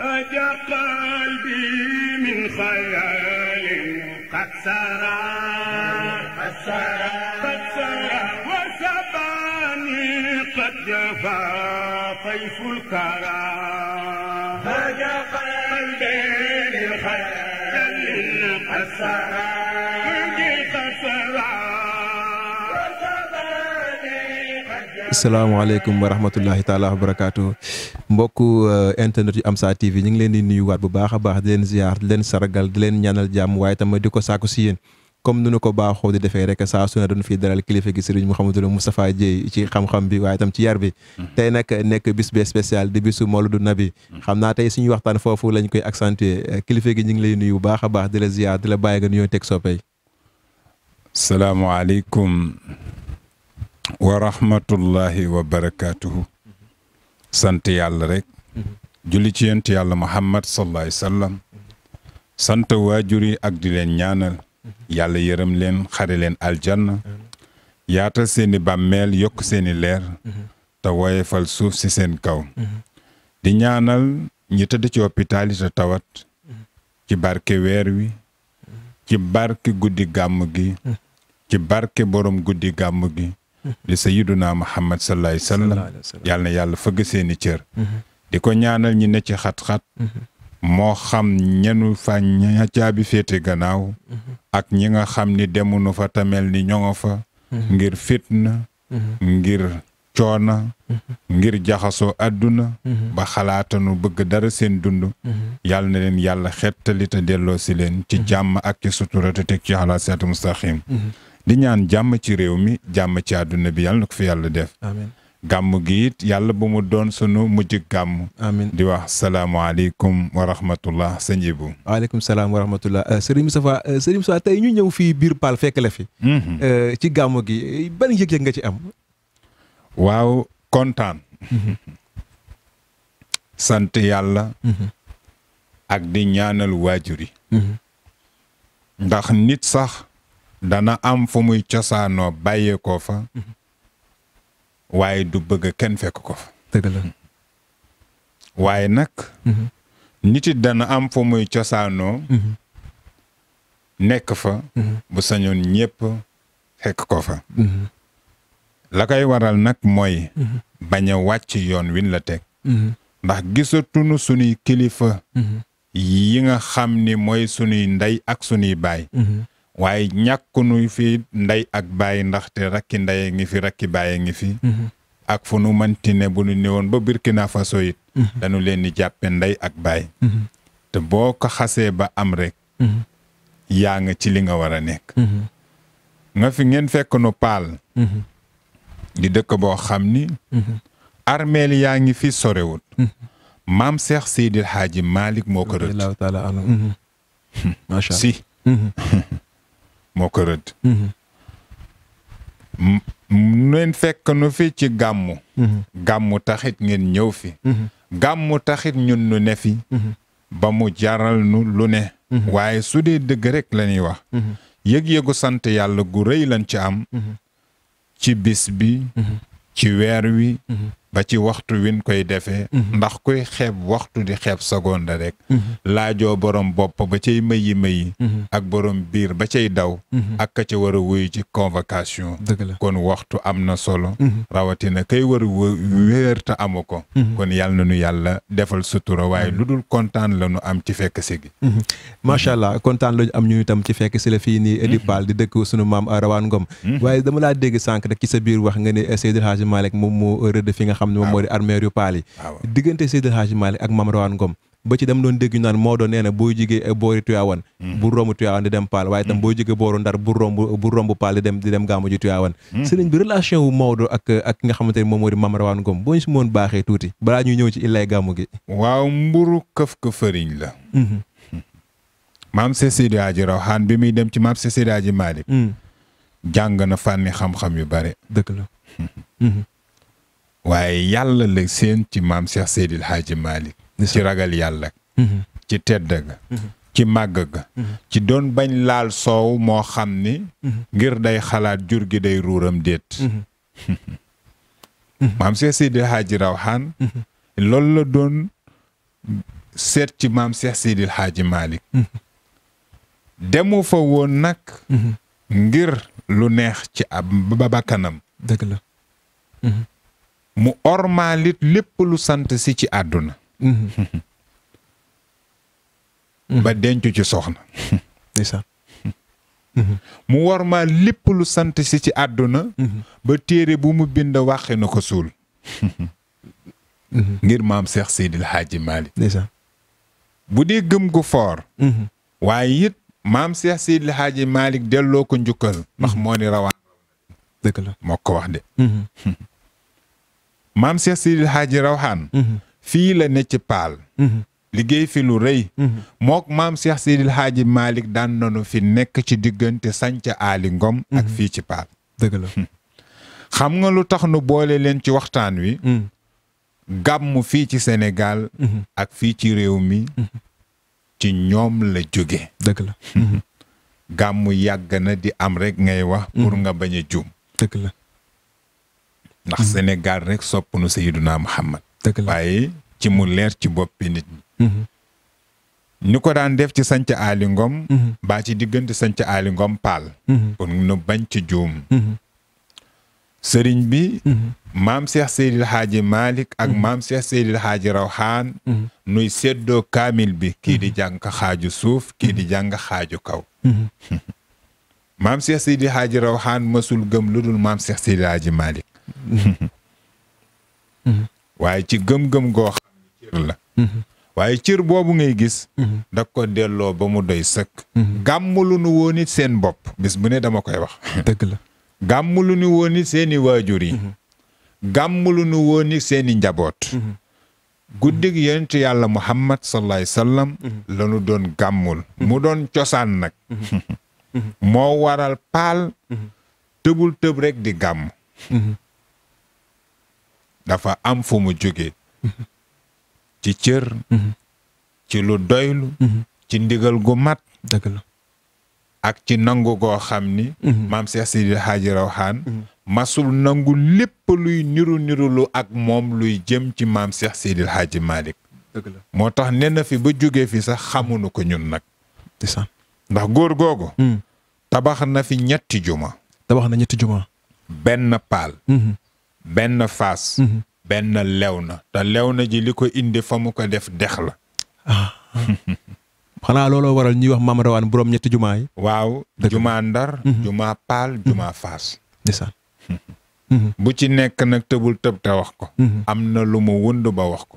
أجا قلبي من خيال قد سرى قد سرى قد سرى وسباني قد جفا طيف الكرى أجا قلبي من خيال قد سرى asalaamaaleykum wa rahmatullahi taalaa wa barakaatu mbokku euh, internet yu Amsa TV ñu ngi leen di nuyuwaat bu baax a baax di leen ziar di leen sargal di leen ñaanal jàmm waaye tamit di ko sàkku si yéen comme nu nu ko baaxoo di defee rek saa su ne dañu fiy dalal kilifa gi Serigne Mouhamadou Moustapha Dieye ci xam-xam bi waaye tam ci yar bi. Mhm. tey nag nekk bis bi spécial di bisu Nabi. Mhm. xam naa tey suñu waxtaan foofu lañ koy accentuer kilifa gi ñu ngi lay nuyu bu baax a baax di la ziar di la bàyyi nga nuyoo teg soppey. salaamaaleykum. wa rahmatullahi wa sant yàlla rekk julli ci yent yàlla Muhammad sallallahu alayhi wasallam sant waajur yi ak di leen ñaanal. yàlla yërëm leen xare leen aljanna. yaatal seeni bàmmeel yokk seeni leer. te woyefal suuf si seen kaw. di ñaanal ñi tëdd ci hôpital te tawat. ci barke weer wi. ci barke guddi gàmm gi. ci barke borom guddi gàmm gi. di sayyiduna Muhammad sallallahu alayhi wa sallam yàlla na yàlla fëgg seeni cër mm-hmm. di ko ñaanal ñi ne ci xat-xat mm-hmm. moo xam ñenu fa ña caabi féete gannaaw mm-hmm. ak ñi nga xam ni demunu fa tamel ni ñoŋo fa ngir fitna ngir coona ngir jaxasoo àdduna ba xalaatanu bëgg dara seen dund yàlla na leen yàlla xettali te delloo si leen ci jàmm ak ci sutura te teg ci xalaat seetu mustaqim di ñaan jàmm ci réew mi jàmm ci àdduna bi yàlla na ko fi yàlla def. amiin gàmm gi yàlla bu mu doon sunu mu gàmm. amiin di wax salaamaaleykum wa rahmatullah sëñ Ibou. waaleykum salaam wa rahmatullah euh, sëriñ Moustapha euh, sëriñ ñu ñëw fii biir Paal fekk la fi. Mhm. Euh, ci gàmm gi ban yëg-yëg nga ci am. waaw kontaan. Mhm. sant yàlla. Mhm. ak di ñaanal waajur ndax nit sax. dana am fu muy cosaanoo bàyyeekoo fa mhm. waaye du bëgg kenn fekk ko fa waaye nag mhm. nit it dana am fu muy cosaanoo mhm. nekk fa bu sañoon ñépp fekk ko fa la koy waral nag mooy bañ wàcc yoon win la teg ndax gisatunu sunuy kilifa yi nga xam ni mooy sunuy ndey ak sunuy baay waaye ñàkk ñàkkunu fi ndey ak bàyyi ndaxte rakki ndey ngi fi rakki bàyyi ngi fi. Mhm. ak fu nu mënti ne bu nu néewoon ba Burkina Faso it. Mhm. dañu leen di jàppe ndey ak bàyyi. Mhm. te boo ko xasee ba am rek. yaa nga ci li nga war a nekk. nga fi ngeen fekk nu paal. di dëkk boo xam ni. armeel yaa ngi fi sorewut maam Cheikh Seydil Hadji Malick moo ko rëdd. Hmm. si. moo ko rëdd. Mhm. neen fekk nu fi ci gàmmu. Mhm. gàmmu taxit ngeen ñëw fi. Mhm. gàmmu taxit ñun nu ne fi. ba mu jaral nu lu ne. waaye su dee dëgg rek la ñuy yëg-yëgu sant yàlla gu rëy lan ci am. ci bis bi. ci weer wi. ba ci waxtu win koy defee mhm. ndax koy xeeb waxtu di xeeb seconde rek mhm. laajo borom bopp ba cay mayi mayi mhm. ak borom biir ba cay daw ak ka ca war a wuyu ci convocation kon waxtu am na solo rawatina kay war a wéer te amu ko kon yàlla na nu yàlla defal sutura waaye lu dul kontaan la nu am ci fekk si gi macha allah kontaan la ñu am ñu itam ci fekk si la fii nii di paal di dëkk sunu maam rawaan ngom waaye dama laa dégg sànq rek ci sa biir wax nga ne Seydil Hadji Malick moom moo xam ne moom moo di armeer yu paal yi diggante Seydil Hadji Malick ak Mame Rawane Ngom ba ci dem doon dégg ñu naan moo doon nee na boo jigee boori tuyaawan mhm. bu romb tuyaawan di dem paal waaye itam mhm. boo jigee booru ndar bu romb bu romb paal di dem di dem gàmmu ji tuyaawan mhm. sëriñ bi relation wu Maodo ak ak nga xamante ne moom moo di Mame Rawane Ngom boo ñu si moon baaxee tuuti balaa ñuy ñëw ci illay gàmmu gi waaw mburu këf ka fëriñ la maam Seydi Hadji Rawane bi muy dem ci maam Seydi Hadji Malick jàng na fànni xam-xam yu bare dëgg la waaye yàlla la seen ci maam Cheikh Seydil Hadji Malick ci ragal yàlla mhm. ci tedd ga mhm. ci màgg ga mhm. ci doon bañ laal soow moo xam ni ngir day xalaat jur gi day ruuram déet maam Cheikh Seydil Hadji Rawhan loolu la doon seet ci maam seex Seydil xaaji Malick demu fa woon nag ngir lu neex ci ab ba bakkanam dëgg la mu ormaalit lépp lu sant si ci àdduna mm-hmm. ba dencu ci soxna mm-hmm. mu wormaal lépp lu sant si ci àdduna mm-hmm. ba téere bu mu bind waxi na ko suul ngir maam Seex Seydil Haaji Maalik bu dee gëm gu foor waaye it maam Seex Seydil Haaji Maalik delloo ko njukkal ndax moo ni rawaan moo ko wax de maam Cheikh Sidil Hadji Rawaan mhm. fii la ne ci paal mhm. liggéey fi lu rëy mhm. mook maam seex Sidil xaaji Malick daan nanu fi nekk ci diggante sanc ali ngom ak fii ci paal dëgg hmm. xam nga lu tax nu boole leen ci waxtaan wi gàmmu fii ci Sénégal ak fii ci réew mi ci ñoom la jóge dëgg la hmm. gàmmu yàgg na di am rekk ngay wax pour nga bañ a juum dëgg la ndax mhm. Sénégal rekk sopp nu Seydunaa Muhammad waaye ci mu leer ci boppi nit ñi mhm. ñu ko daan def ci sanc aali ngom mhm. baa ci diggante sanc aali ngom paal nu bañ ci juum sëriñ bi maam Seex Seydil Haaji Malick ak maam Seex Seydil Haaji Rawxaan nuy seddoo kaamil bi kii di jàng xaaju suuf kii di jàng xaaju kaw maam Seex Seydil Haaji Rawxaan mësul gëm lu dul maam Seex Seydil Haaji Malick waaye ci gëm-gëm goo xam ni la waaye cër boobu ngay gis da ko delloo ba mu doy sëkk gàmmulu nu woon it bopp bis bu ne dama koy wax dëgg la gàmmulu nu woon seeni waajur yi gàmmulu nu woon seeni njaboot guddig yonent yàlla muhammad sallallahu alayhi wasallam lanu doon gàmmul mu doon cosaan nag moo waral paal tëbul tëb rek di gàmm dafa am fu mu jóge ci cër mm-hmm. ci lu doylu mm-hmm. ci ndigal gu mat dëgg ak ci nangu goo xam ni mm-hmm. maam Cheikh Sidi Hadji Rawaan masul nangu lépp luy niru nirulu ak moom luy jëm ci maam seex Sidi Hadji Malick moo tax nee fi ba jóge fi sax xamuñu ko ñun nag ndax góor googu mm. tabax na fi ñetti juma tabax na ñetti juma benn paal benn faas mhm. benn lew na te lew na ji li ko indi fa mu ko def dex la ah. xanaa looloo waral ñuy wax Maam Rawaan boroom ñetti jumaa yi waaw jumaa ndar mhm. jumaa paal mhm. jumaa faas bu ci nekk nag tëbul tëb te wax ko am na lu mu wund ba wax ko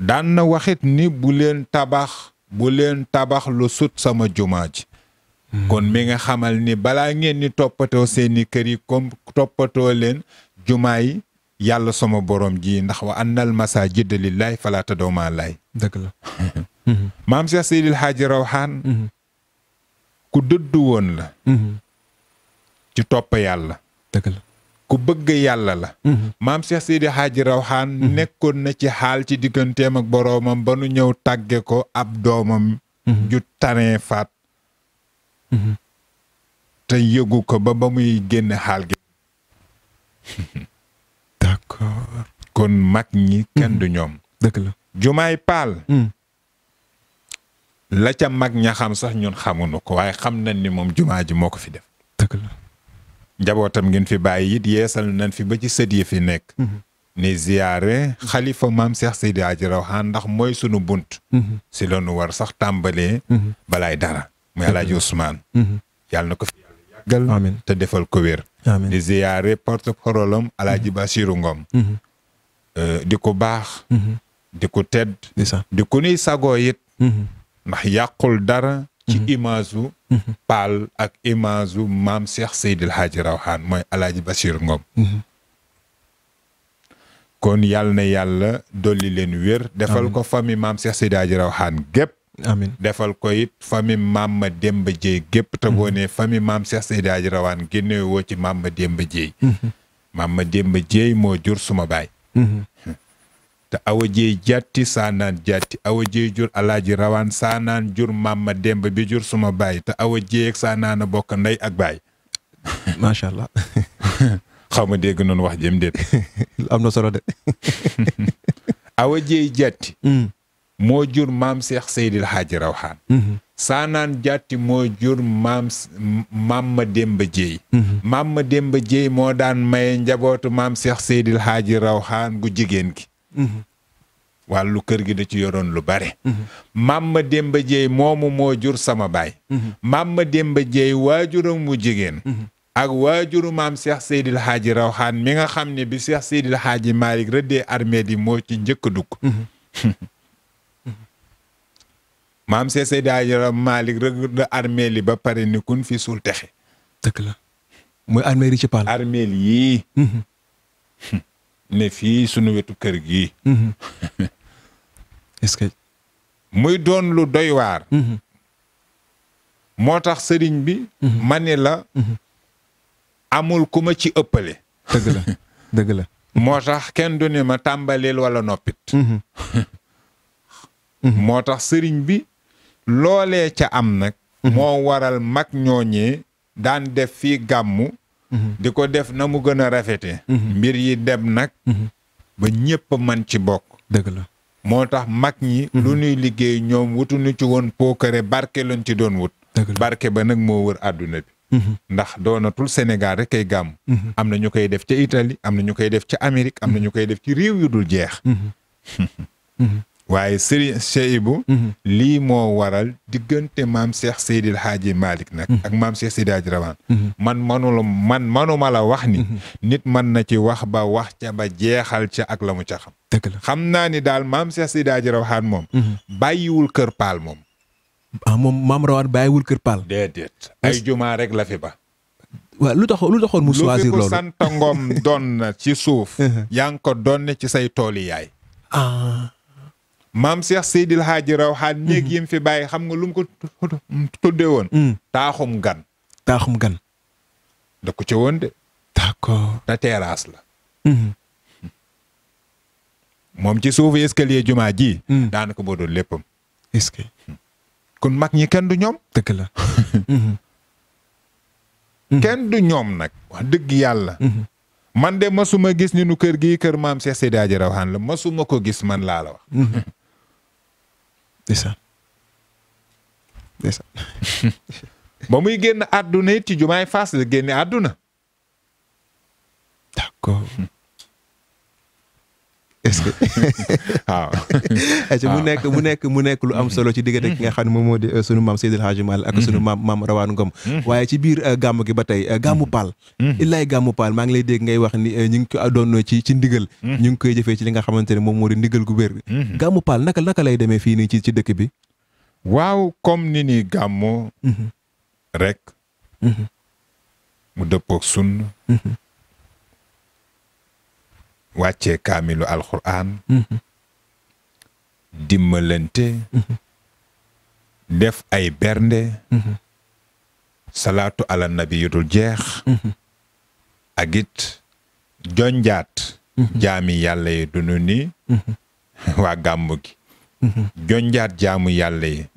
daan na waxit ni bu leen tabax bu leen tabax lu sut sama jumaa ji kon mi nga xamal ni balaa ngeen ni toppatoo seeni kër yi comme toppatoo leen jumaa yi yàlla sama boroom ji ndax wa annal masajida lillahi fala tad'u ma'a llahi dëgg la mhm. maam Cheikh Seydil Hadji Rawhan mhm. ku dëddu woon la mhm. ci topp yàlla ku bëgg yàlla la maam Cheikh Seydi Hadji Rawhan nekkoon na ci xaal ci digganteem ak boroomam ba nu ñëw tàgge ko ab doomam ju tanee faat te yëgu ko ba ba muy génn xaal gi kon mag ñi kenn du mhm. ñoom. dëgg la jumaay paal. Mm. la mag ña xam sax ñun xamuñu ko waaye xam nañ ni moom jumaa ji moo ko fi def. dëgg njabootam ngeen fi bàyyi it yeesal nañ fi ba ci sët yi fi nekk. Mhm. ni ziyaare xalifa maam Seex Seydi Aji Rawaan ndax mooy sunu bunt. Mhm. si la nu war sax tàmbalee. balaay dara muy Alaaji Usmaan. yàlla na ko fi te defal ko wér. di ziyaare porte parole am Alaaji mhm. Basiru Ngom mhm. euh, di ko baax mhm. di ko tedd di ko nuy sagoo it ndax yàqul dara ci image u paal ak image u maam Cheikh Seydil Hadji Rawaan mooy Alaaji Basiru Ngom kon yàlla na yàlla dolli leen wér defal ko famille maam Cheikh Seydil Hadji Rawaan gépp defal ko it famille maam ma Demba Dieye gépp te boo mhm. nee famille maam Cheikh Seydi Hadji Rawane génne ci maam ma Demba Dieye mhm. maam moo jur suma baay mhm. te awa jeey jàtti saanaan jàtti awa jeey jur alaaji rawaan saanaan jur maam ma demb bi jur suma baay te awa jeey ak saanaan a bokk ndey ak baay macha xaw ma dégg noonu wax jëm am na solo de awa jeey jàtti mm. moo jur maam seex Seydil Hadji Rawaan mhm. saanaan jàtti moo jur maam maam ma Demba Jéey mhm. maam moo daan maye njabootu maam Cheikh Seydil Hadji rawxaan gu jigéen gi mhm. wàllu kër gi da ci yoroon lu bare maam ma Demba moomu moo jur sama baay maam ma Demba Jéey waajuram mu jigéen ak waajuru maam Cheikh Seydil xaaji rawxaan mi nga xam ne bi Cheikh Seydil Hadji Malick rëddee armée yi moo ci njëkk a dugg maam see say daajara Malick rek da ba pare ni kun fi suul texe. dëgg la mooy armée yi ci mhm. yii. ne fii sunu wetu kër gii. Mhm. est-ce muy doon lu doy mhm. moo tax sëriñ bi. ma ne la. amul ku ma ci ëppale. dëgg la moo tax kenn du ne ma tàmbaleel wala noppit. moo tax sëriñ bi. loole ca am nag mhm. moo waral mag ñooñee daan def fii gàmmu mhm. di ko def na mu gën a rafete mhm. mbir yi dem nag ba ñépp man ci bokk dëgg la moo tax mag ñi lu nuy liggéey ñoom wutuñu ci woon pookare barke lañ ci doon wut barke ba nag moo wër àdduna bi ndax doonatul senegal rek kay gàmm am na ñu koy def ca Italie am na ñu koy def ca Amérique am na ñu koy def ci réew yu dul jeex waaye Serigne Cheibu mhm. lii moo waral diggante maam Cheikh Seydil Hadji malik nag mhm. ak maam Cheikh Seydi Hadji Rawaan mhm. man manula man manuma la wax ni nit man na ci wax ba wax ca ba jeexal ca ak la mu ca xam xam naa ni daal maam Cheikh Seydi Hadji Rawaan moom bàyyiwul kër paal moom ah, moom maam Rawaan bàyyiwul kër paal déedéet ay jumaa rek la fi ba waaw lu tax lu taxoon mu choisir loolu lu fi ku sant ngoom doon na ci suuf uh-huh. yaa ngi ko doon ne ci say tooli yaay ah. maam Cheikh Seydil Hadji Rawaan mhm. néeg yim fi bàyyi xam nga lum mu ko tuddee woon mm. taaxum gan taaxum gan da ko ca woon de d'accord te terrasse la mm-hmm. moom ci suufu escalier jumaa ji mm. daanaka moo doon léppam hmm. kon mag ñi kenn du ñoom dëgg la mm-hmm. Mm-hmm. kenn ñoom nag wax dëgg yàlla man de masuma gis ni nu kër gii kër maam Cheikh Seydi Hadji Rawaan la masuma ko gis man laa la wax moom ndeysaan ba muy génn àdduna ci jumaay Fass la génne àdduna d'accord est-ce que waaw. Ah. mu ah. nekk mu nekk mu nekk lu am solo ci diggante ki nga xam ne moom moo di euh, sunu maam Seydil Hadji Malick ak sunu mhm. maam Rawaan Ngom. Mhm. waaye ci biir euh, gàmm gi ba tey euh, gàmmu mhm. Paal. illaay gàmmu Paal maa ngi lay dégg ngay wax ni ñu ngi ko doon ci ci ndigal. ñu ngi koy jëfee ci li nga xamante ne moom moo di ndigal gu wér. gàmmu Paal naka naka lay demee fii nii ci ci dëkk bi. waaw kom ni ni gàmmu. rek. mu dëppoo ak sunna wàccee kaamilu alxuraan mm-hmm. dimbalante mm-hmm. def ay bernde mm-hmm. salaatu ala nabi yu dul jeex ak jonjaat jaami yàlla yi dunu ni waa gàmmu gi jonjaat jaamu yàlla yi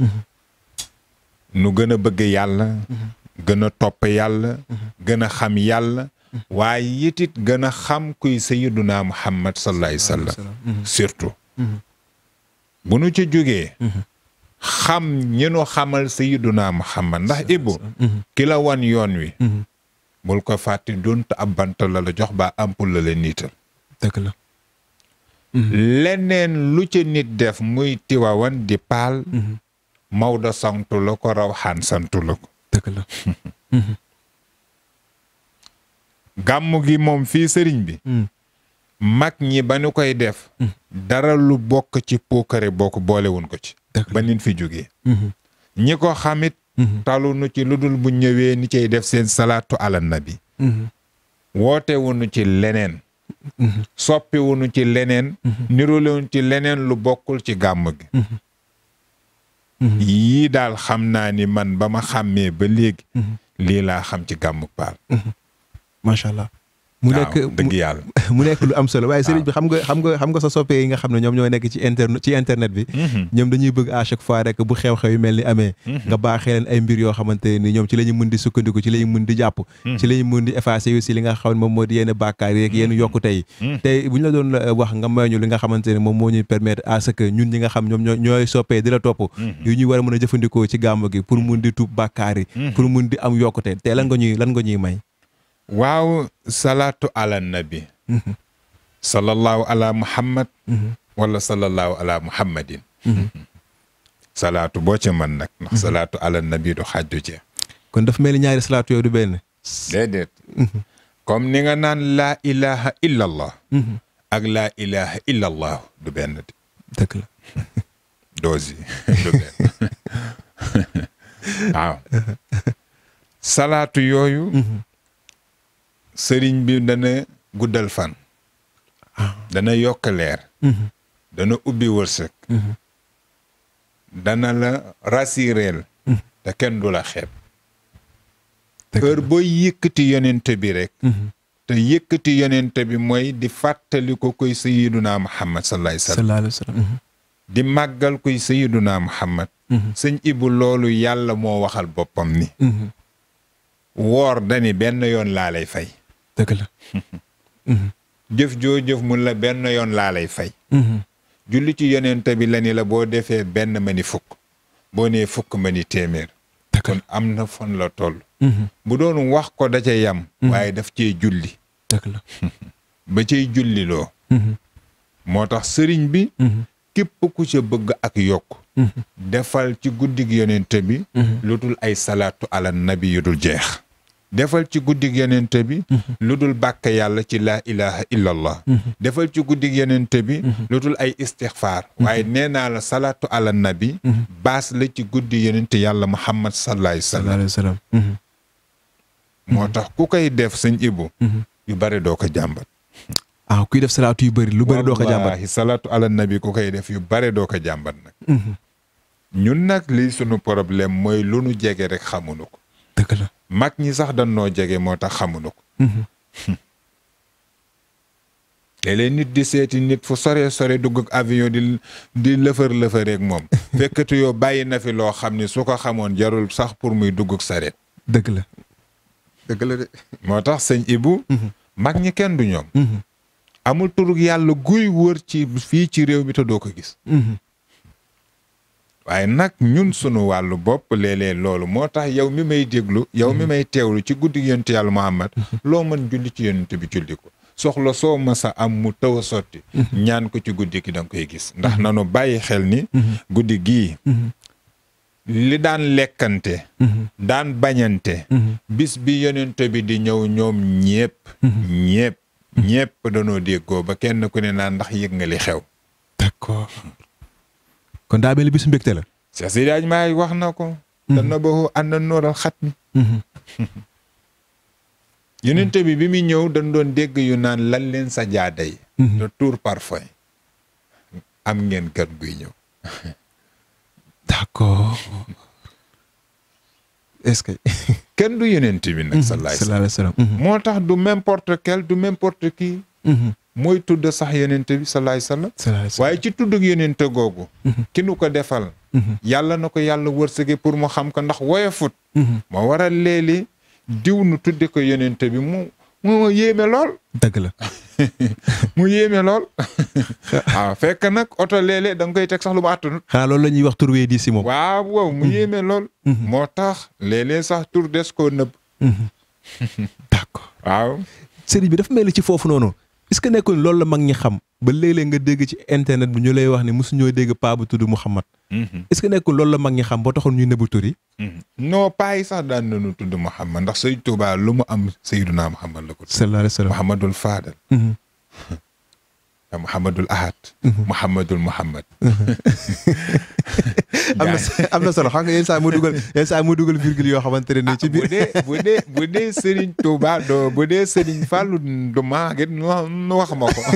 nu gën a bëgg yàlla gën a topp yàlla gëna xam yàlla waaye yitit gën a xam kuy sayyiduna muhammad sallallahu alayhi wa surtout mm-hmm. bu nu ci jógee mm-hmm. xam ñi nu xamal sayyiduna muhammad ndax ibu mm-hmm. ki la wan yoon wi bul ko fàtte dunt ab bant la jox ba ampul la la niital dëgg la leneen lu ci nit def muy tiwawan di paal Maodo santu la ko raw santu la ko gàmm gi moom fii sëriñ bi. Mm. mag ñi ba ñu koy def. Mm. dara lu bokk ci puukare bokk boolewuñ ko ci. ba nin fi jógee. Mm-hmm. ñi ko xamit mm-hmm. talu nu ci lu dul bu ñëwee ni cay def seen salaatu ala bi mm-hmm. woote wunu ci leneen. soppi wunu ci leneen. nirulewuñ ci leneen lu bokkul ci gàmm gi. yii daal xam naa ni man ba ma xàmmee ba léegi. lii laa xam ci gàmmu paal. macha allah. mu nekk dëgg yàlla nekk lu am solo waaye sëriñ bi xam nga xam nga xam nga sa soppee yi nga xam ne ñoom ñoo nekk ci internet ci internet bi mhm. ñoom dañuy bëgg à chaque fois rek bu xew-xew yu mel ni amee mhm. nga baaxee ay mbir yoo xamante ni ñoom ci la ñu mën di sukkandiku ci la ñu mën di jàpp mhm. ci la ñu mën di effacer li nga xam moom moo di yenn bàkkaar yeeg yenn yokkute yi tey bu ñu euh, wax nga may ñu li nga xamante ne moom moo permettre à ce ñun ñi nga xam ñoom ñoo ñooy soppee di la topp yu a mën a jëfandikoo ci gàmmu gi pour mun di tuub bàkkaar yi pour mun am yokkute tey lan nga lan nga ñuy may waaw salaatu ala nabi mhm. sallallahu ala muhammad mhm. wala sallallahu ala muhammadin mhm. salaatu boo ca mën nag ndax salaatu ala nabi du xajju ci kon dafa mel ni ñaari salaatu yow du ni nga naan laa ilaha ak laa ilaha du benn di dëgg la dose yi du benn waaw salaatu yooyu sëriñ bi dana guddal fan ah. dana yokk leer mm-hmm. dana ubbi wërsëg mm-hmm. dana la rassureel mm-hmm. te kenn du la xeeb heure booy yëkkati yonente bi rek te yëkkati yonente bi mooy di fàttali ko koy sayiduna muhammad sallallahu alayhi wasallam di màggal koy sayiduna muhammad loolu yàlla moo waxal boppam ni woor dani benn yoon laa lay fay dëgg la. jëf joo jëf mun la benn yoon laa lay fay. Mhm. julli ci yonent bi la la boo defee benn ma ni fukk boo nee fukk ma ni téeméer. am na fon la toll. Mhm. bu doon wax ko da ca yam. Mhm. waaye daf cee julli. dëgg la ba cay julli loo. moo tax sëriñ bi. képp ku ca bëgg ak yokk. defal ci guddig yonent bi. lu ay salaatu ala nabi yu dul jeex. defal ci guddig yenente bi mhm. lu dul bàkk yàlla ci laa ilaha illa mhm. defal ci guddi yenente bi mhm. lu dul ay istixfaar waaye nee naa la salaatu ala nabi baas la ci guddi yenente yàlla muhammad sallallahu alayhi wa sallam moo tax ku koy def sëñ ibu yu bari doo ko jàmbat ah kuy def salaatu yu bëri lu bëri doo ko jàmbat wallaahi salaatu ala nabi ku koy def yu bëri doo ko jàmbat nag ñun nag lii sunu problème mooy lu nu jege rek xamuñu ko mag ñi sax dañ noo jege moo tax xamuñu ko. Mhm. léeg-léeg nit di seeti nit fu sore sore dugg avion di di lëfër lëfëreek moom. fekkatu yoo bàyyi na fi loo xam ni su ko xamoon jarul sax pour muy dugg ak sareet. dëgg la dëgg de. moo tax sëñ Ibou. Mhm. mag ñi kenn du ñoom. Mhm. amul turug yàlla guy wër ci fii ci réew mi te doo ko gis. waaye nag ñun sunu wàllu bopp léeg-léeg loolu moo tax yow mi may déglu yow mi mm-hmm. may teewlu ci guddi yonent yàlla Muhammad mm-hmm. loo mën julli ci yonent bi julli ko soxla soo masa am mu taw a sotti mm-hmm. ñaan ko ci guddi gi danga koy gis ndax nanu bàyyi xel ni guddi gii li daan lekkante daan bañante bis bi yonent bi di ñëw ñoom ñépp ñépp ñépp danoo déggoo ba kenn ku ne naan ndax yëg nga li xew kon daa mel ni bisu mbégte la. Cheikh Seydi Hadji Maalik wax na ko. Mhm. dana bokk ànd nooral xat mi. Mhm. yonent bi bi muy ñëw dañ doon dégg yu naan lan leen sa jaaday. Mhm. parfum am ngeen gan guy ñëw. d'accord est-ce que. kenn du yonent bi nag. sallallahu alayhi wa sallam moo tax du n'importe quel du n'importe qui. mooy tudd sax yonente bi salaay salaam waaye ci tuddug yonente googu mhm. ki nu ko defal mhm. yàlla na ko yàlla wërsëge pour mu xam ko ndax woyofut moo mhm. waral léeli diw nu tudde ko yonente bi mu mu yéeme lool dëgg la mu yéeme lool waaw ah, fekk nag oto léeg danga koy teg sax lu ma àttanut xanaa loolu la ñuy wax tur wee di si moom waaw mu yéeme lool moo tax léeg-léeg sax tur des ko nëbb d'accord waaw sëriñ bi dafa mel ci foofu noonu est-ce que nekkoon loolu la mag ñi xam ba léeg-léeg nga dégg ci internet bi ñu lay wax ne mosu ñoo dégg paa bu tudd Mouhamad. Mm-hmm. est-ce que nekkul loolu la mag ñi xam boo taxoon ñu nëbbu tur yi. Mm-hmm. non paa yi sax daan nañu tudd Mouhamad ndax Sëriñ baa lu mu am Seydunaa Mouhamad la ko. sallallahu alayhi wa sallam Mouhamadul Fadal. Mm-hmm. Mouhamadul Ahad. Mouhamadul mhm. Mouhamad. am na am na solo xam nga yenn saa mu yoo xamante ne ci ah, biir. bu dee bu dee bu dee Serigne Touba bu dee Serigne Fallou du maa ngi wax ma ko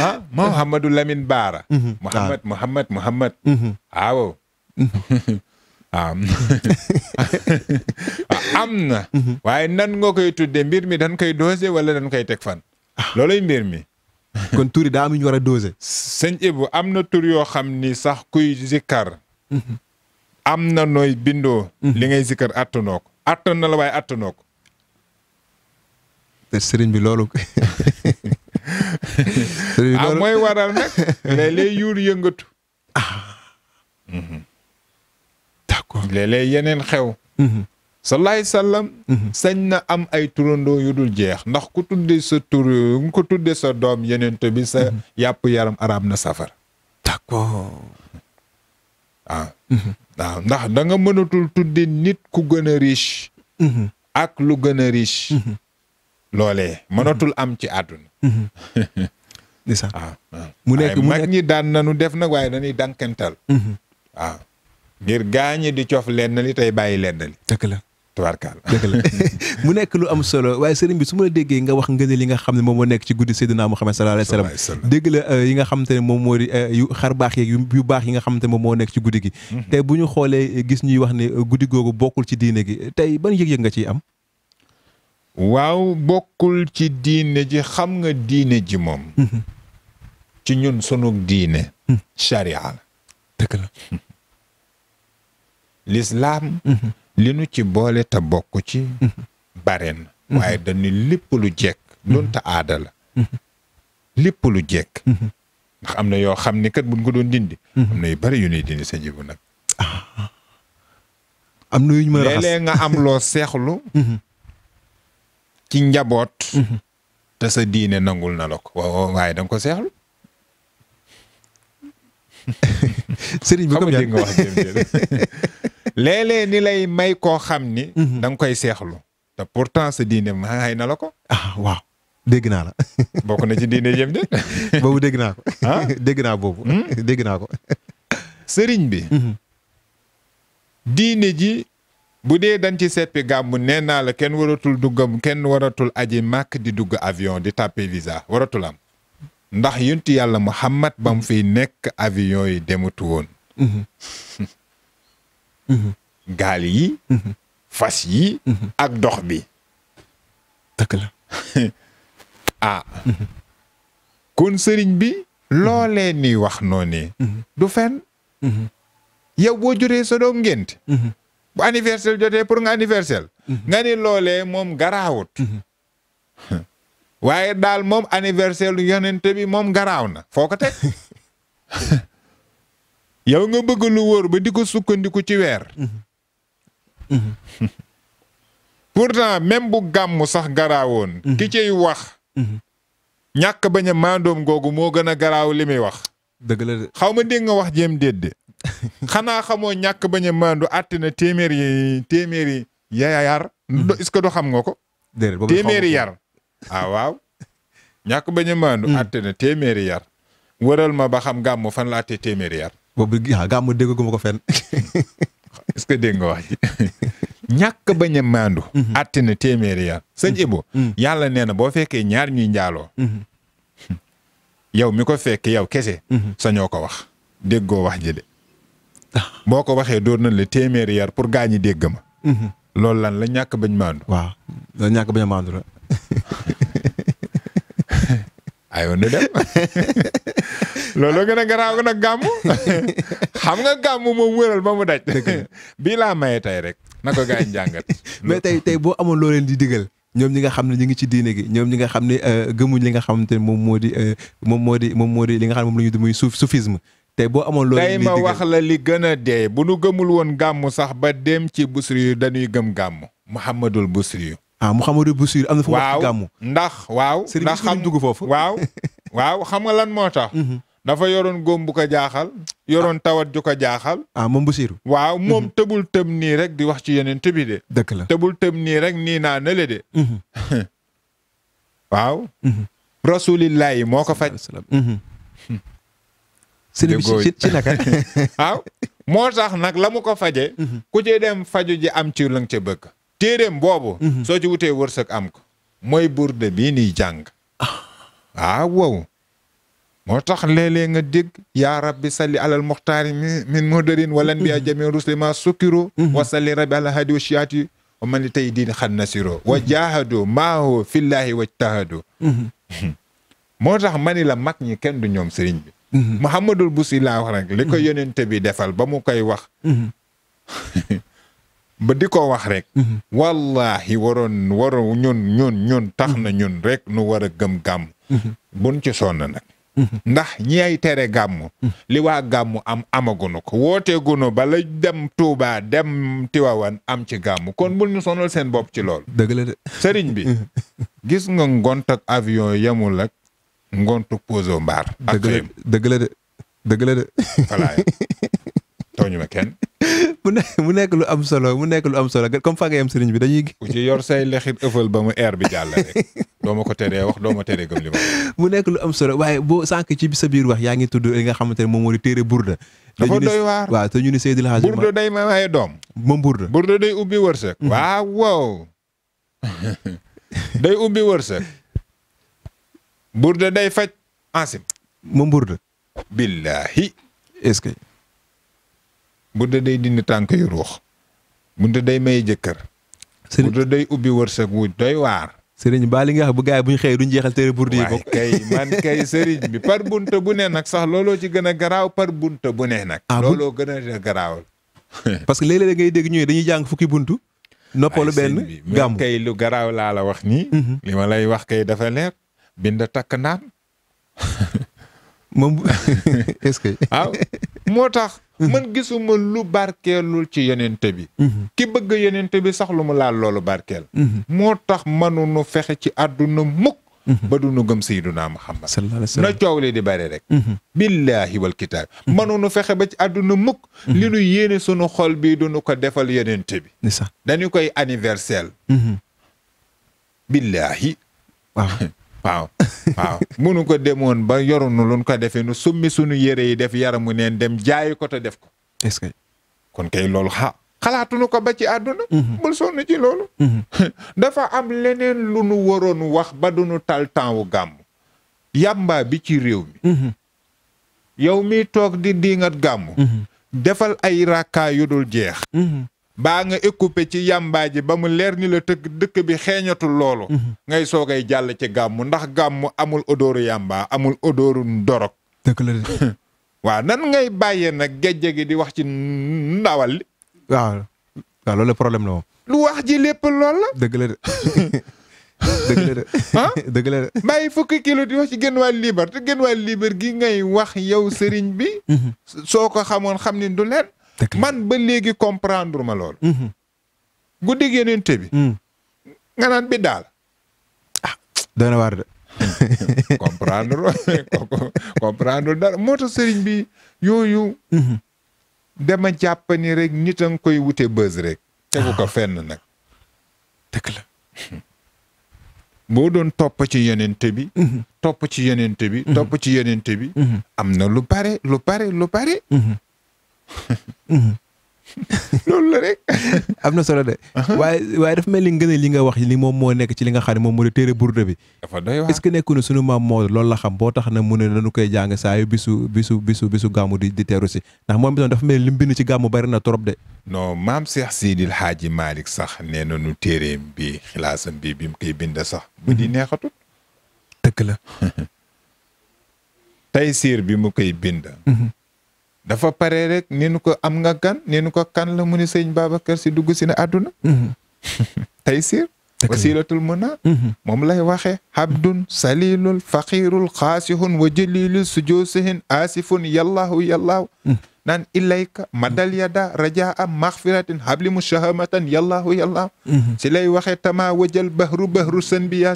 ah Mouhamadou Lamine Baara. Mouhamad Mouhamad Mouhamad. am na. Mhm. waaye nan nga koy tuddee mbir mi dan koy doose wala dañ koy teg fan. loolay mbir mi. kon tur yi daa am ñu war a doser. sëñ am na tur yoo xam ni sax kuy zikkar. am na nooy bindoo. li ngay zikkar attanoo ko attan na la waaye attanoo ko. bi looluk sëriñ bi ah, loolu mooy waral nag léeg yuur yëngatu. ah. Mhm. yeneen xew. Mhm. sallallahu alayhi wasallam mhm. sañ na am ay turandoo yu dul jeex ndax ku tuddee sa tur nga ko sa doom yenente bi sa mhm. yàpp yaram araam na safar d'accord waaw ah. mhm. ah, waaw ndax da mënatul tudde nit ku gën a riche ak lu gën a riche mënatul am ci àdduna di sax ah, mu nekk mu nekk mag ñi daan nanu def nag waaye dañuy dànkantal waaw ngir gaañe di coof lenn li tey bàyyi lenn li dëgg tubaarkaal dëgg la mu nekk lu am solo waaye sëriñ bi su ma la déggee nga wax ngëneel yi nga xam ne moom moo nekk ci guddi Seydina Muhammad sallallahu alayhi wasallam dégg la euh, yi nga xamante ne moom moo di euh, yu xar baax yu baax yi nga xamante ne moom moo nekk ci guddi gi mhm. tey bu ñu xoolee gis ñuy wax ne euh, guddi googu bokkul ci diine gi tey ban yëg-yëg nga ci am waaw bokkul ci diine ji xam nga diine ji moom mhm. ci ñun sunu diine charia mhm. la li nu ci boole te bokk ci bare na mhm. waaye dañu lépp lu jekk mhm. doonte aada la mhm. lépp lu jekk ndax am na yoo xam ne kat buñ ko doon dindi am na yu bari yu nuy dindi sa jibu nag ah. am na nga am loo seexlu ci njaboot te sa diine nangul na la ko waaw waaye danga ko seexlu sëriñ bi comme yaa nga wax léeg-léeg ni lay may koo xam ni. Mhm. da koy seexlu. te pourtant sa diine xay na la ko. ah naa la. bokk na ci diine jëm de. boobu dégg naa ko. ah naa boobu. Hmm? naa ko. sëriñ bi. Mhm. diine ji. bu dee dañ ci seppi gàmmu nee naa la kenn waratul duggam kenn waratul aji màkk di dugg avion di tàppe visa waratul am ndax yunti yàlla Muhammad ba mu fi nekk avion yi dematu woon. Mhm. Mm-hmm. gaal yi mm-hmm. fas yi mm-hmm. ak dox bi dëgg ah. kon sëriñ bi loole ni wax noonu du fen yow boo juree sa doom ngént bu anniversaire jotee pour nga anniversaire nga ni loolee moom garaawut waaye daal moom anniversaire lu yonente bi moom garaaw na foo yow nga bëgg lu wóor ba di ko sukkandiku ci weer. Mm-hmm. Mm-hmm. pourtant même bu gàmm sax garaawoon. Mm-hmm. ki ciy wax. ñàkk bañ a maandoom googu moo gën a garaaw li muy wax. dëgg xaw ma dégg nga wax jéem déedéet xanaa xamoo ñàkk bañ a maandu àtti na téeméeri yi téeméeri yar. est-ce que do xam nga ko. déedéet téeméeri yar. ah waaw ñàkk bañ a maandu àtte na téeméeri yar. wëral ma ba xam gàmm fan la àtte téeméeri yar. boo boobu ah gàmm dégguma ko fenn. est-ce dégg nga wax ji ñàkk bañ maandu. Mhm. àtte téeméeri ya sëñ Ibo. Mhm. yàlla nee na boo fekkee ñaar ñuy njaaloo. Mhm. yow mi ko fekk yow kese. sañoo ko wax déggoo wax ji de. Ah. boo ko waxee dóor na la téeméeri yar pour gaañi dégg ma. loolu lan la ñàkk bañ maandu. waaw la ñàkk bañ a maandu la. ayoon na dem looloo gën a garaaw nag gàmmu xam nga gàmmu moom wëral ba mu daj. bii laa maye tey rek na ko gaa njàngat. mais tey tey boo amoon loo leen di digal ñoom ñi nga xam ne ñu ngi ci diine ñoom ñi nga xam ne uh, gëmuñ li nga xamante ne moom moo di uh, moom moo di moom moo di li nga xam ne moom muy suuf soufisme. tey boo amoon loolu tey ma wax la li gën a dee bu nu gëmul woon gàmmu sax ba dem ci busri yu dañuy gëm gàmmu muhammadul busri yu ah Mouhamadou Boussir am na fu mu wax ci gàmmu ndax waaw ndax xam dugg foofu waaw waaw xam lan moo tax mhm. dafa yoroon góom bu ko jaaxal yoroon ah. tawat ju ko jaaxal ah moom Boussirou waaw moom mhm. tëbul tëb nii rek di wax ci yeneen tëbi de dëkk la tëbul tëb nii rek nii naa nale de mhm. waaw rasulillahi moo ko faj sëriñ bi ci ci naka waaw moo tax nag la mu ko faje ku ci dem faju ji am ci lëng ca bëgg téeréem boobu. Mhm. soo ci wutee wërsëg am ko. mooy burde bii nii jàng. ah wow. moo tax léeg-léeg nga dégg yaa rabbi salli alal muxtaari min mudarin walan bi ajami mhm. rusli ma sukkiru mhm. wa salli rabbi ala hadi wa shiati wa man li tey diin xan nasiro wa jaahadu maahu fillahi wajtahadu moo tax ma la mag ñi kenn du ñoom sëriñ bi Muhammadul Busi laa wax rek li ko yonente bi defal ba mu koy wax ba di ko wax rek. Mhm. wallaahi waroon waroon ñun ñun ñun tax na mhm. ñun rek nu war a gëm gàmm. Mhm. buñ ci sonn nag. ndax ñi ay tere gàmm. li waa gàmmu am amagunu ko wooteegunu ba la dem Touba dem Tiwaawan am ci gàmm kon bul ñu sonal seen bopp ci lool. dëgg sëriñ bi. gis nga ngont ak avion yemul ak ngontu poso mbaar. ak dëgg dëgg la de. voilà tooñu ma kenn. mu nekk lu am solo mu nekk lu am solo comme fa nga yem sëriñ bi dañuy. ku ci yor say lexit ëffal ba mu air bi jàll rek doo ma ko teree wax doo ma teree gëm ma. mu nekk lu am solo waaye boo sànq ci sa biir wax yaa ngi tudd li nga xamante ne moom moo di téere burda. dafa doy waar waaw te ñu ni Seydil Hadji burda day ma maye doom. moom burda burda day ubbi wërsëg. Mm-hmm. waaw wow. day ubbi wërsëg. burda day faj ansim. moom burda. billahi. est-ce budda day dindi tànk yu ruux budda day may jëkkër budda day ubbi wërsëg wu doy waar sëriñ baa li nga wax bu gaay bu ñu xëyee duñ jeexal téere burdi yi bokk kay man kay sëriñ bi par bunta bu ne nag sax looloo ci gën a garaaw par bunt bu ne nag ah, looloo gën a garaawal parce que léeg ngay dégg ñooy dañuy jàng fukki buntu noppalu benn gàmm kay lu garaaw laa la wax nii mhm. li ma lay wax kay dafa leer bind takk naan moom est ah, moo tax Mhm. man gisuma lu barkeelul ci yenente bi mhm. ki bëgg yenente bi sax lu mu laal loolu barkeel mhm. moo tax mënunu fexe ci àdduna mukk ba du nu gëm Seydunaa Muhammad na coow li di bare rek billaahi wal kitaab mënunu fexe ba ci àdduna mukk li nu yéene sunu xol bii du nu ko defal yenente bi dañu koy anniversaire billaahi waaw waaw munu ko demoon ba yorunu luñ ko defee nu summi sunu yére yi def yaramu neen dem jaayi ko te def ko. est kon kay loolu xa xalaatunu ko ba ci àdduna. Mhm. bul ci loolu. Mhm. dafa am leneen lu nu waroon wax ba du tal temps wu gàmm. yàmba bi ci réew mi. Mhm. yow mi toog di diingat gàmm. defal ay rakkaa yu jeex. baa nga écoupé ci yàmbaa ji ba mu leer ni la tëkk dëkk bi xeeñatul loolu mhm. ngay soogay jàll ci gàmmu ndax gàmmu amul odooru yàmbaa amul odooru ndorog dëkk la waaw nan ngay bàyyee nag gejj gi di wax ci ndawal li waaw waaw problème la moom lu wax ji lépp lool la dëgg la de dëgg bàyyi fukki kilo di wax ci genn wàll liibar te genn wàll liibar gi ngay wax yow sëriñ bi mhm. soo ko xamoon xam ni du leen man ba léegi comprendre ma loolu. Mhm. guddi gi yonent bi. Mm. nga naan bi daal ah. doona waar de. comprendre comprendre moo tax sëriñ bi yooyu. Mhm. dama jàpp ni rek nit a nga koy wute bës rek. te ko ah. fenn nag. dëgg la. boo doon topp ci yonent bi. Mhm. topp ci yonent bi. topp ci yonent am na lu bare lu bare lu bare. loolu la rek. am na solo de. waaye waaye dafa mel ni ngëneel li nga wax ni moom moo nekk ci li nga xam ne moom moo di téere burde bi. dafa doy waar est-ce que nekku ne sunu maam moo loolu la xam boo tax na mu ne dañu koy jàng saa yu bisu bisu bisu bisu gàmmu di di teeru si ndax moom itam dafa mel ni li mu bind ci gàmmu bari na trop de. noo maam Cheikh Sidil Hadji Malick sax nee na nu téereem bi xilaasam bi bi mu koy bind sax. bu di mhm. neexatul. dëgg la. tey siir bi mu koy bind. Mhm. dafa pare rek ni ko am nga kan ni ko kan la mu ni sëñ Babacar si dugg si na àdduna mm-hmm. tey siir wasilatul muna mm-hmm. moom lay waxe habdun salilul faqirul xaasihun wa jëlilu sujosihin asifun yallahu yallahu mm. naan ilayka madal yada rajaa am maxfiratin habli mushahamatan yallahu yallahu mm-hmm. si lay waxe tama wajal bahru bahru sën bi yaa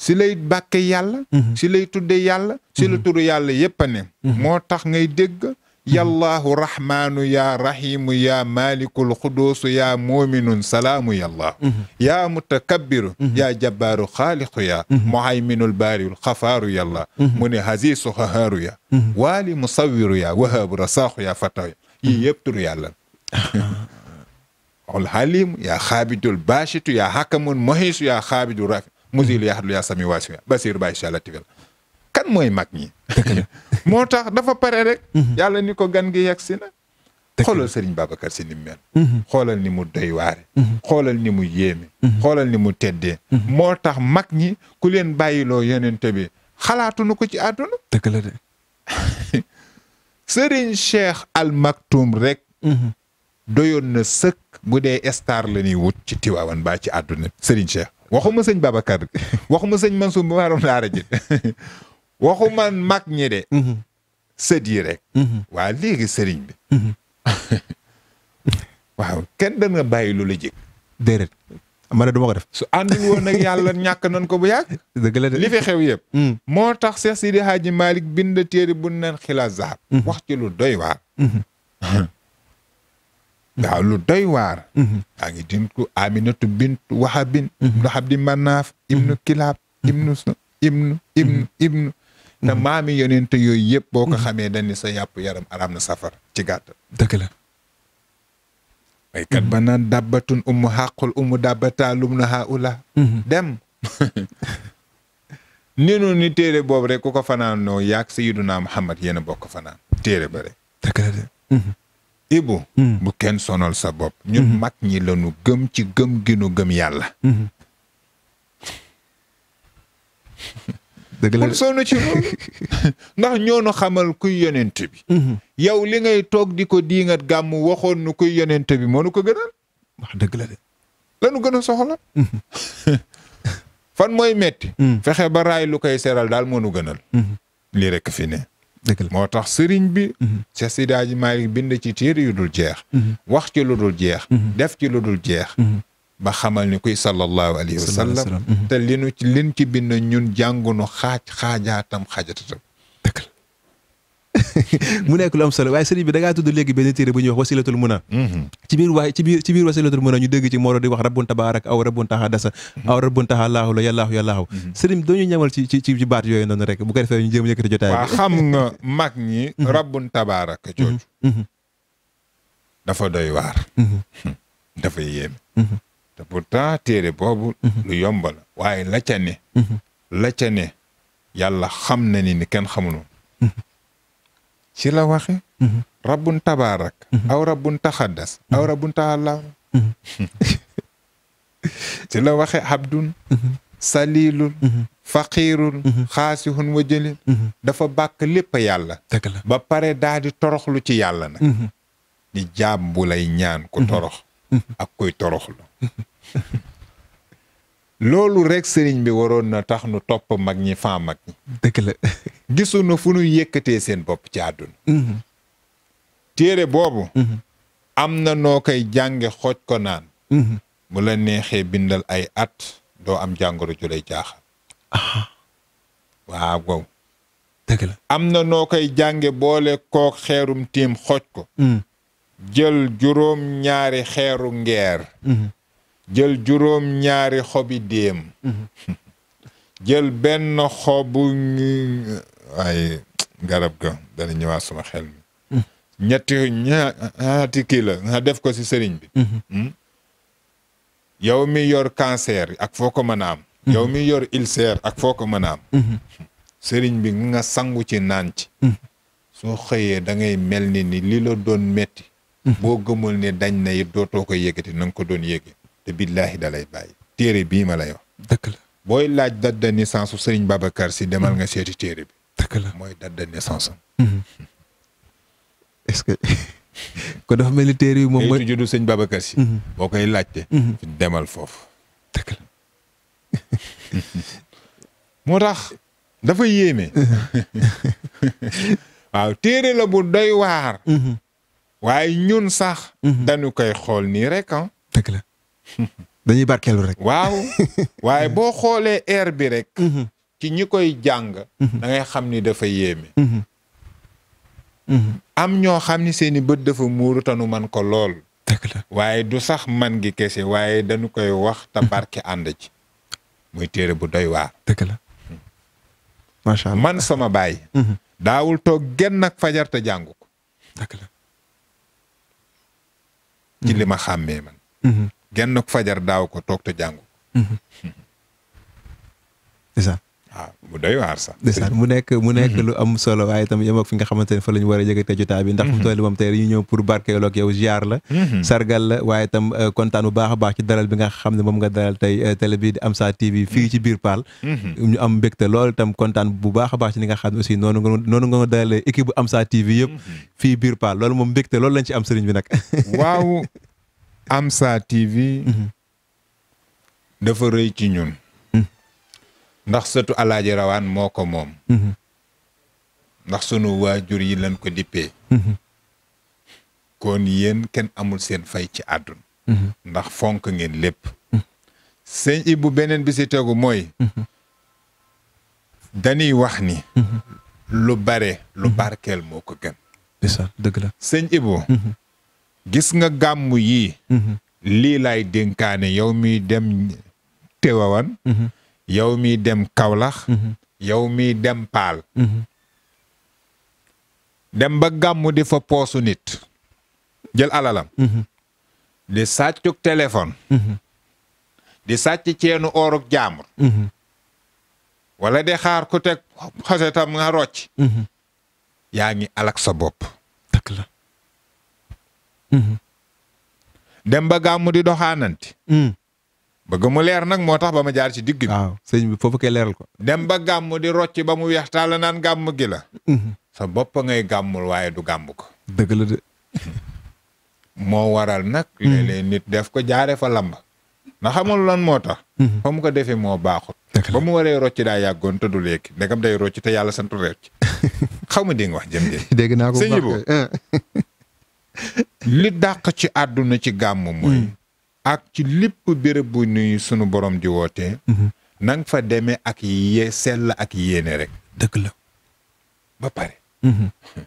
si lay bàkke yàlla mhm. si lay tudde yàlla si la mhm. turu yàlla yépp a ne mhm. moo tax ngay dégg yallaahu rahmaanu yaa rahimu yaa maalikul xuduusu yaa muuminun salaamu yallaahu yaa mutakabbiru yaa jabbaaru xaaliqu yaa muhayminul baariul xafaaru yallaahu mu ne hasiisu xahaaru waali musawwiru yaa wahaabu rasaaxu ya yii yëpp turu yàlla al halimu yaa xaabitul baashitu yaa hakamun mohiisu yaa xaabidu mu musilu yahadlu yaa sami waasi basiir bàyyi si àlla tiwel kan mooy mag ñi moo tax dafa pare rek mhm. yàlla ni ko gan gi yegg si na xoolal sëriñ Babacar si ni mu mel mhm. xoolal ni mu doy waare mhm. xoolal ni mu yéeme xoolal ni mu teddee moo tax mag ñi ku leen bàyyiloo yonente bi xalaatunu ko ci àdduna dëgg sëriñ Cheikh Al Maktoum rek doyoon na sëkk bu dee star la ñuy wut ci Tiwaawan baa ci àdduna sëriñ Cheikh waxuma sëñ Babacar waxuma sëñ Mansour bi waroon daara ji waxuma mag ñi de. Mhm. sët yi rek. Mhm. waa léegi sëriñ bi. Mhm. waaw kenn dana bàyyi lu la jëkk. déedéet man de du ma ko def. su àndul woon nag yàlla ñàkk nan ko bu yàgg. li fi xew yëpp. moo tax Cheikh Sidi Hadji Malick bind téere bu naan xilaas zahab wax ci lu doy waar. waaw lu doy waar maa mhm. ngi dinku aminatu bintu waxabin mhm. ibnu xabdi mhm. ibnu kilaab ibnu ibnu ibnu ibnu te maami yonente yooyu yëpp boo ko xamee dañu sa yàpp yaram araam na safar ci gàttal dëgg la baykat ba naan dabbatun umu xàqul umu dabbata lum na haula dem ninu ni téere boobu rek ku ko fanaan noo yaag sayyiduna Muhammad yéen a bokk fanaan téere ba rek ibu hmm. bu kenn sonal sa bopp ñu hmm. mag ñi lañu gëm ci gëm gi gëm yàlla hmm. dëgg la ci moom ndax ñoonu xamal kuy yonent bi yow li ngay toog di ko diingat gàmm waxoon nu kuy yonent bi moo nu ko gënal dëgg la lanu gën a soxla fan mooy metti fexe ba raay lu koy seral daal moo nu gënal lii rekk fi ne moo tax sëriñ bi mhm. ca sidaaji Maalik bind ci téere yu dul jeex mhm. wax ci lu dul jeex mhm. def ci lu dul jeex ba xamal ni kuy sallallahu alayhi wa sallam te linu lin ci bind ñun jàngunu xaaj xaajaatam xaajatatam mu nekk lu am solo waaye sëriñ bi da ngaa tudd léegi benn téere bu ñuy wax wasilatul muna mhm. ci biir waay ci biir ci biir wasilatul muna ñu dégg ci moro di wax rabbun tabaarak aw rabbun taxa dasa mhm. aw rabbun taxa laahu la yàllaahu mhm. sëriñ bi dañu ñamal ci baat yooyu noonu rek bu ko defee ñu jéem jotaay waaw xam doy waar dafa yéem te pourtant téere boobu lu yomb la waaye la ca la ca ne yàlla na ni ni kenn xamuloon ci la waxe mhm. rabbun tabaarak mhm. aw rabbun taxaddas mhm. aw rabbun taala ci la waxe abdun salilul faqiirul xaasihun wa jëlil dafa bàkk lépp yàlla ba pare daa toroxlu ci yàlla nag di jaam bulay lay ñaan ku torox ak kuy toroxlu loolu rekk sëriñ bi waroon na tax nu topp mag ñi faa mag ñi. dëgg la. gisuñu fu nu yëkkatee seen bopp ci àdduna. Mm-hmm. téere boobu. Mm-hmm. am na noo koy jànge xooj ko naan. Mm-hmm. mu la neexee bindal ay at doo am jàngoro ju lay jaaxal. waaw wow. am na noo koy jànge boole kook xeerum tiim xooj ko. jël juróom ñaari xeeru ngeer. jël juróom ñaari xobi déem mhm. jël benn xobu waaye garab ga dana ñëwaat sama xel mi mhm. ñati ñaati kii la nga def ko ci sëriñ bi mhm. hmm? yow mi yor cancer ak foo ko mën a am yow mi yor ulcère ak foo ko mën a am sëriñ bi nga sangu ci naan ci soo xëyee da ngay mel ni ni li la doon metti boo gëmul ne dañ na it dootoo ko yëgati na nga ko doon yëge billaahi da lay bàyyi bii ma lay wax. booy laaj date de naissance su Serigne Babacar si demal nga seeti téere bi. dëgg mooy date de naissance am. Mhm. est-ce que ko dafa mel ni téere yi moom mooy. tey juddu Serigne Babacar mhm. boo koy laajte. Mhm. demal foofu. dëgg la. moo waaw téere la bu doy waar. waaye ñun sax. dañu koy xool nii rek ah. dañuy barkeelu rek. waaw waaye boo xoolee air bi rek. Mhm. ci ñi koy jàng. Mhm. dangay xam ni dafa yéeme. Mhm. am ñoo xam ni seeni bët dafa muuru tanu man ko lool. waaye du sax man gi kese waaye dañu koy wax te barke ànd ci. muy téere bu doy waar. dëgg la macha man sama baay. daawul toog genn ak fajar te jàngu ko. ci li ma xàmmee man. genn fajar daaw ko toog te jàngu. Mhm. c'est ça. waaw ah, mu doy waar sax. ndeysaan mu nekk mu nekk mhm. lu am solo waaye tam yem ak fi nga xamante ne fa la ñu war a yëgatee jotaay bi ndax fu mu mhm. toll ñu ñëw pour barkeeloo ak yow la sargal la waaye itam euh, kontaan bu baax baax ci dalal bi nga xam ne moom nga dalal tey euh, télé bi di Amsa TV fii ci biir Paal ñu am mbégte loolu itam kontaan bu baax a baax ci li xam ne aussi noonu nga noonu nga dalalee équipe bu Amsa TV yëpp fii biir Paal loolu moom mbégte lool lañ ci am sëriñ bi nag waaw Amsa TV. Mhm. dafa rëy ci ñun. Mhm. ndax sëtu alaaji rawaan moo ko moom. Mhm. ndax sunu waajur yi leen ko dippee. kon yéen kenn amul seen fay ci àdduna. ndax fonk ngeen lépp. sëñ Ibou beneen bi si tegu mooy. dañuy wax ni. lu bare lu barkeel moo ko gën. dëgg la gis nga gàmm yii mhm. lii dénkaane yow miy dem Tiwaawan mhm. yow miy dem Kawlax mhm. yow miy dem Paal dem ba gàmm di fa poosu nit jël alalam di sàccuk téléphone di sàcc ceenu ooruk jaamur wala de xaar ku teg xosetam nga rocc yaa ngi alak sa bopp Mhm. dem ba gàmmu di doxaananti. Mm. bëgg mu leer nag moo tax ba ma jaar ci digg bi. sëñ bi foofu kay leeral ko. dem ba gàmm di rocci ba mu weex taal la naan gàmm gi la. Mhm. sa bopp ngay gàmmul waaye du gàmm ko. dëgg la de. moo waral nag. Mm. léeg-léeg nit def ko jaare fa lamb. na xamul lan moo tax. Mhm. fa mu ko defee moo baaxut. ba mu waree rocci daa yàggoon du léegi ndegam day rocci te yàlla santu rocci. xaw ma di nga wax jëm de. dégg naa li dàq ci àdduna ci gàmm mooy mm. ak ci lépp béréb bu nuy sunu borom di wootee mm-hmm. na fa demee ak yee sell ak yéene rek dëgg la ba pare mm-hmm.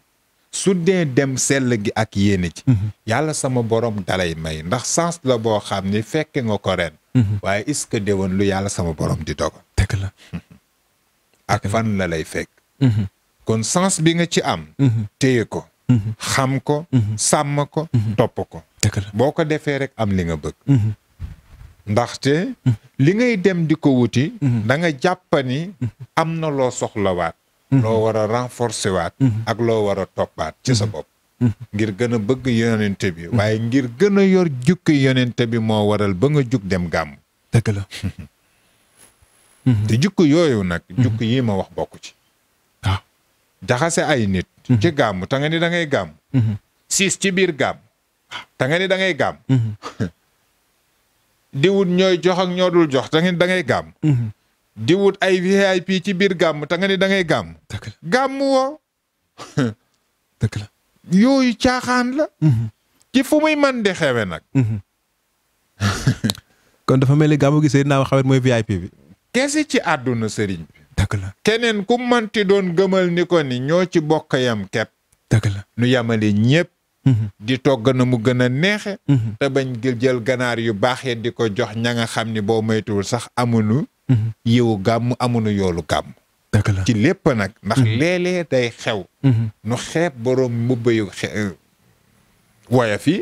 su dee dem sell gi ak yéene ci mm-hmm. yàlla sama borom dalay may ndax sens la boo xam ni fekke nga ko ren waaye est-ce que déwoon lu yàlla sama borom di dogal dëgg la ak fan la lay fekk kon sens bi nga ci am téye ko xam ko sàmm ko topp ko boo ko defee rek am li nga bëgg mhm. ndaxte mhm. li ngay dem di ko wuti mhm. da nga jàpp ni am na loo soxlawaat loo war a renforcer waat ak loo war a toppaat ci sa bopp ngir gën a bëgg yonente bi waaye ngir gën a yor jukki yonente bi moo waral ba nga jug dem gàmm dëgg la te jukki yooyu nag jukki yi ma wax bokk ci jaxase ay nit. Mhm. ci gàmm ta nga ni gàmm. Mhm. siis ci biir gàmm. ta nga ni da ngay gàmm. Mhm. di ñooy jox ak ñoo dul jox ta nga ni da ngay gàmm. di ay VIP ci biir gàmm tanga nga ni da ngay gàmm. gàmm woo. yooyu caaxaan la. ci fu muy man di xewe nag. kon dafa mel ni gàmmu gi Seydina Muhammad mooy VIP bi. kese ci àdduna sëriñ bi. la keneen ku manti doon gëmal ni ko ni ñoo ci bokk yam kepp dëgg la nu yamale ñépp mm-hmm. di togg na mu gën a neexe mm-hmm. te bañ jël ganaar yu baax yi di ko jox ña nga xam ni boo moytuwul sax amunu mm-hmm. yiwu gàmm amu amunu yoolu gàmm dëgg ci lépp nag ndax léeg-léeg day xew nu xeeb boroom mbubb yu euh, woyof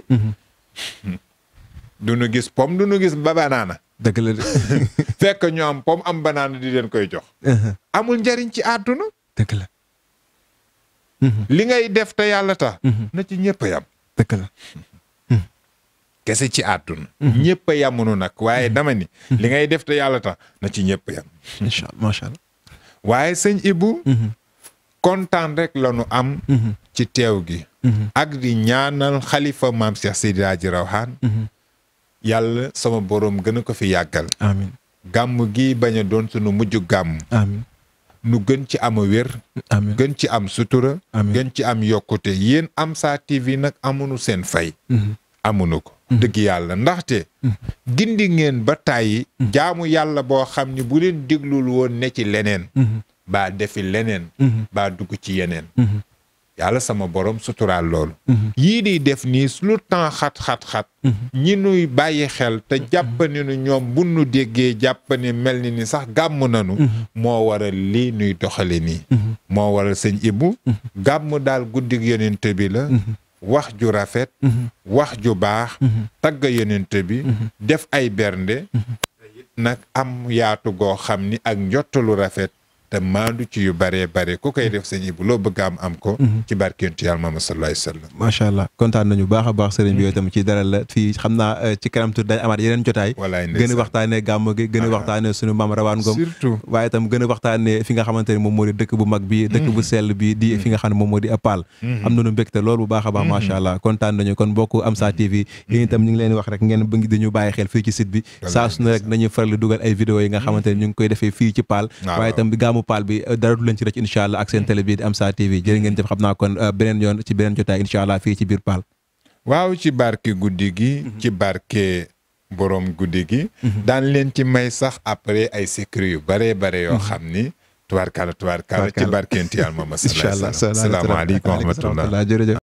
du nu gis pom du nu gis babanaana dëgg la de. fekk ñu am pomme am banaan di leen koy jox. Uh-huh. amul njariñ ci àdduna. dëgg li ngay def te yàlla tax. na ci ñëpp a yam. kese ci àdduna. ñëpp a yamunu nag waaye dama ni. li ngay def te yàlla tax na ci ñëpp yam. waaye sëñ Ibou. Uh-huh. kontaan rek la nu am. Uh-huh. ci teew gi. ak di ñaanal xalifa maam Cheikh Seydi Hadji yàlla sama boroom gëna ko fi yàggal amiin gàmm gi bañ a doon sunu mujj gàmm amiin nu gën ci ama wér gën ci am sutura gën ci am yokkute yéen Amsa TV nag amunu seen fay mhm. amunu ko mhm. dëgg yàlla ndaxte mhm. gindi ngeen ba tàyyi jaamu yàlla boo xam ni bu leen diglul woon ne ci leneen baa defi leneen baa dugg ci yeneen yàlla sama borom suturaal loolu mhm. yii di def nii lu temps xat-xat-xat mhm. ñi nuy bàyyi xel te mhm. jàpp ni nu ñoom bu nu déggee jàpp ni mel ni ni sax gàmm nanu moo waral lii nuy doxale nii moo waral sëñ Ibou gàmm daal guddi yonent bi la wax ju rafet wax ju baax tagg yonent bi def ay bernde nag am yaatu goo xam ni ak njottalu rafet te maandu ci yu bëree bëri ku koy def sëñ bu loo bëgg am am ko. Mhm. ci barke yonent Yàlla Muhammad sallallahu alayhi wasallam. macha allah kontaan nañu a baax sëriñ bi mhm. yooyu tamit ci dara la fii xam naa eh, ci kanam yeneen jotaay. walaay ndeysaan gën a waxtaanee gi gën a waxtaanee sunu maam Rawaan Ngom. waaye itam gën a waxtaanee fi nga xamante ne moom moo di dëkk bu mag bi. dëkk bu mhm. sell bi di fi nga xam bu baax a baax macha allah kontaan nañu kon bokk Amsa TV yéen itam ñu ngi leen wax rek ngeen bëgg dañu bàyyi xel fii ci site bi saa su rek nañu faral dugal ay ñu ngi koy defee fii bu paal bi euh, dara du leen ci rëcc incha allah ak seen télé bi di Amsa TV jërë ngeen jëf xam naa kon euh, beneen yoon ci beneen jotaay incha allah fii ci biir paal. waaw ci barke guddi gi. Mhm. ci barke borom guddi gi. Mhm. daan leen ci may sax après ay secret yu bare bare yoo mhm. xam ni. tubaarkalla tubaarkalla ci barkeen Tiyaan moom. incha allah salaamaaleykum wa rahmatulah.